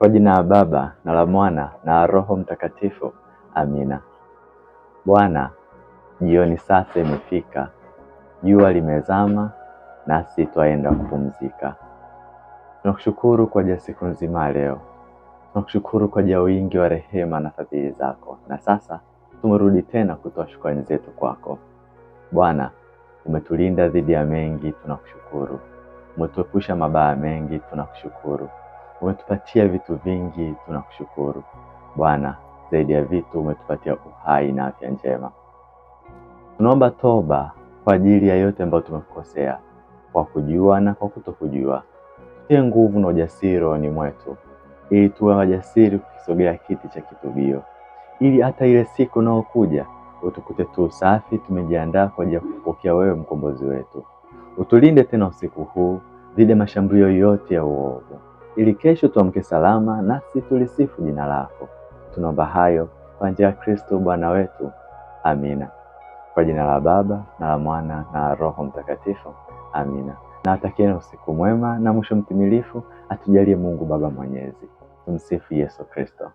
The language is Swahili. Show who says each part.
Speaker 1: Kwa jina la Baba na la Mwana na la Roho Mtakatifu, amina. Bwana, jioni sasa imefika, jua limezama, nasi twaenda kupumzika. Tunakushukuru kwa ajili ya siku nzima leo, tunakushukuru kwa ajili ya wingi wa rehema na fadhili zako, na sasa tumerudi tena kutoa shukrani zetu kwako Bwana. Umetulinda dhidi ya mengi, tunakushukuru. Umetuepusha mabaya mengi, tunakushukuru. Umetupatia vitu vingi, tunakushukuru Bwana. Zaidi ya vitu umetupatia uhai na afya njema. Tunaomba toba kwa ajili ya yote ambayo tumekukosea kwa kujua na kwa kutokujua. Tutie nguvu na ujasiri rohoni mwetu, ili tuwe wajasiri kukisogea kiti cha kitubio, ili hata ile siku unaokuja utukute tu safi, tumejiandaa kwa ajili ya kupokea wewe, mkombozi wetu. Utulinde tena usiku huu dhidi ya mashambulio yote ya uovu ili kesho tuamke salama, nasi tulisifu jina lako. Tunaomba hayo kwa njia ya Kristo Bwana wetu, amina. Kwa jina la Baba na la Mwana na Roho Mtakatifu, amina. Na atakieni usiku mwema na mwisho mtimilifu, atujalie Mungu Baba Mwenyezi. Tumsifu Yesu Kristo.